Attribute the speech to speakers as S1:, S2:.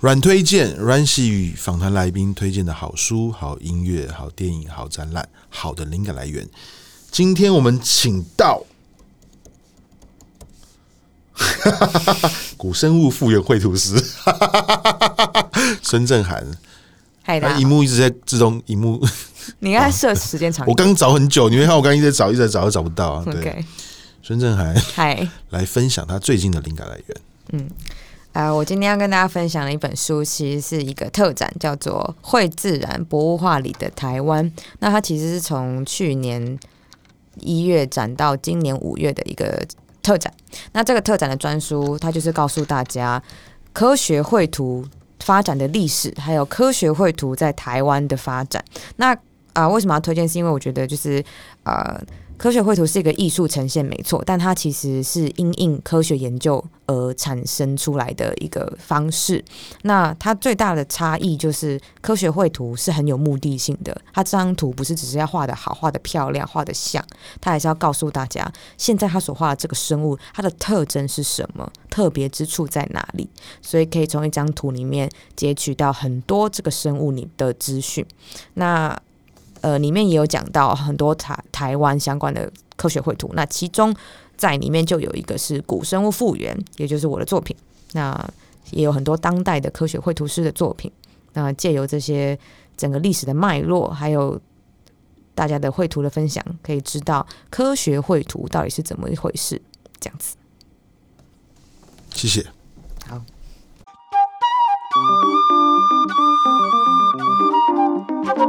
S1: 阮推薦，阮璽與訪談來賓推薦的好書、好音樂、好電影、好展覽、好的靈感來源。今天我們請到。 古生物復原繪圖師孫 正涵。
S2: 他熒幕
S1: 一直在自動熒幕， 你
S2: 應該在設時間長。 我剛
S1: 找很久，你沒看我剛一直找，一直找，都找不到啊對、okay。對，孫正涵，嗨，來分享他最近的靈感來源、
S3: Hi。
S2: 嗯、啊、呃，我今天要跟大家分享的一本書，其實是一個特展，叫做《繪自然：博物畫裡的臺灣》。那它其實是從去年一月展到今年五月的一個。特展，那這個特展的專書，它就是告訴大家科學繪圖發展的歷史，還有科學繪圖在台灣的發展。那啊，為什麼要推薦？是因為我覺得，就是呃，科學繪圖是一個藝術呈現，沒錯，但它其實是因應科學研究而產生出來的一個方式。那它最大的差異就是，科學繪圖是很有目的性的。它這張圖不是只是要畫得好，畫得漂亮，畫得像，它還是要告訴大家，現在它所畫的這個生物，它的特徵是什麼，特別之處在哪裡。所以可以從一張圖裡面截取到很多這個生物裡的資訊。那呃，裡面也有講到很多台台灣相關的科學繪圖，那其中在裡面就有一個是古生物復原，也就是我的作品。那也有很多當代的科學繪圖師的作品。那借由這些整個歷史的脈絡，還有大家的繪圖的分享，可以知道科學繪圖到底是怎麼一回事。這樣子，
S1: 謝謝。